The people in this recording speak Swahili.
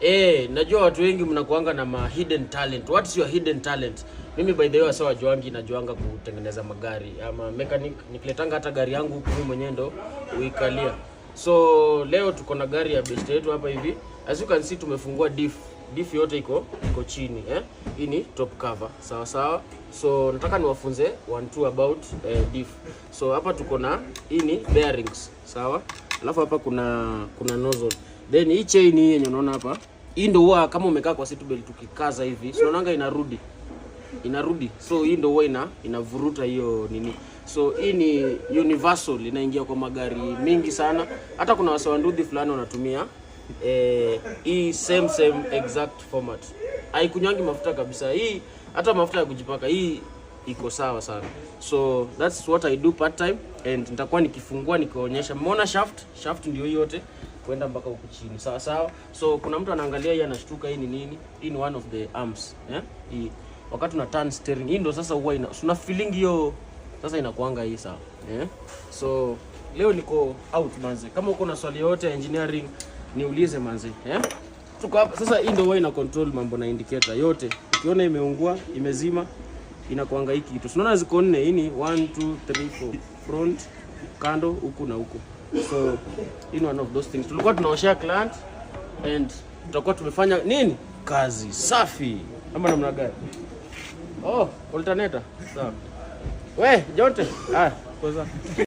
Eh, najua watu wengi mnakuanga na ma hidden talent. What is your hidden talent? Mimi by the way sawa juangi najuanga kutengeneza magari ama mechanic. Nikiletanga hata gari yangu huku mimi mwenyewe ndo uikalia. So leo tuko na gari ya best yetu hapa hivi. As you can see tumefungua diff. Diff yote iko iko chini eh. Hii ni top cover. Sawa sawa. So nataka niwafunze one two about eh, diff. So hapa tuko na hii ni bearings. Sawa? Alafu hapa kuna kuna nozzle. Then hii chain hii yenye unaona hapa, hii ndio huwa kama umekaa kwa seat belt ukikaza hivi, si unaonanga inarudi. Inarudi. So hii ndio huwa ina inavuruta hiyo nini. So hii ni universal inaingia kwa magari mingi sana. Hata kuna wasa wasewandudhi fulani wanatumia eh, hii same same exact format. Haikunyangi mafuta kabisa. Hii hata mafuta ya kujipaka hii iko sawa sana. So that's what I do part time and nitakuwa nikifungua nikionyesha. Mona shaft, shaft ndio hiyo yote kwenda mpaka huku chini, sawa sawa. So kuna mtu anaangalia hii anashtuka, hii ni nini? Hii ni one of the arms eh, Hii wakati una turn steering hii ndo sasa huwa ina una feeling hiyo sasa inakuanga hii sawa eh. So leo niko out manze, kama uko na swali yote ya engineering niulize manze eh. Tuko hapa sasa, hii ndo huwa ina control mambo na indicator yote. Ukiona imeungua imezima, inakuanga hii kitu, unaona ziko nne. Hii ni 1 2 3 4 front, kando, huku na huku so in one of those things tulikuwa tunaoshea client and tutakuwa tumefanya nini kazi safi ama namna gani? Oh, alternator sawa. We Jonte, ah, kwanza